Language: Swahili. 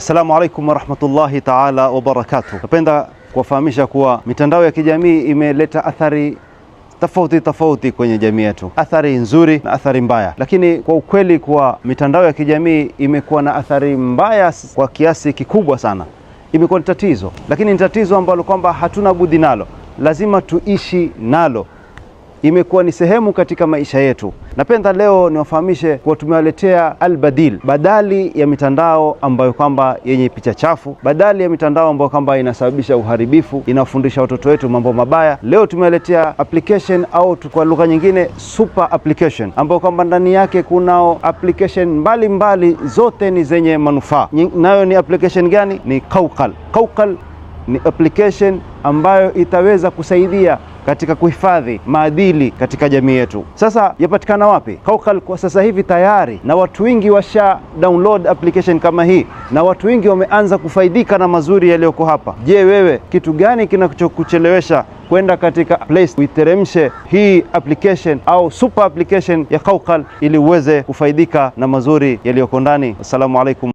Assalamu alaikum warahmatullahi taala wabarakatuh. Napenda kuwafahamisha kuwa mitandao ya kijamii imeleta athari tofauti tofauti kwenye jamii yetu, athari nzuri na athari mbaya. Lakini kwa ukweli kuwa mitandao ya kijamii imekuwa na athari mbaya kwa kiasi kikubwa sana, imekuwa ni tatizo, lakini ni tatizo ambalo kwamba hatuna budi nalo, lazima tuishi nalo imekuwa ni sehemu katika maisha yetu. Napenda leo niwafahamishe kuwa tumewaletea albadil, badali ya mitandao ambayo kwamba yenye picha chafu, badali ya mitandao ambayo kwamba inasababisha uharibifu, inafundisha watoto wetu mambo mabaya. Leo tumewaletea application au kwa lugha nyingine super application, ambayo kwamba ndani yake kunao application mbalimbali mbali, zote ni zenye manufaa. Nayo ni application gani? Ni Kaukal. Kaukal ni application ambayo itaweza kusaidia katika kuhifadhi maadili katika jamii yetu. Sasa yapatikana wapi? Kaukal kwa sasa hivi tayari na watu wengi washa download application kama hii, na watu wengi wameanza kufaidika na mazuri yaliyoko hapa. Je, wewe kitu gani kinachokuchelewesha kwenda katika place uiteremshe hii application au super application ya Kaukal ili uweze kufaidika na mazuri yaliyoko ndani. Assalamu alaikum.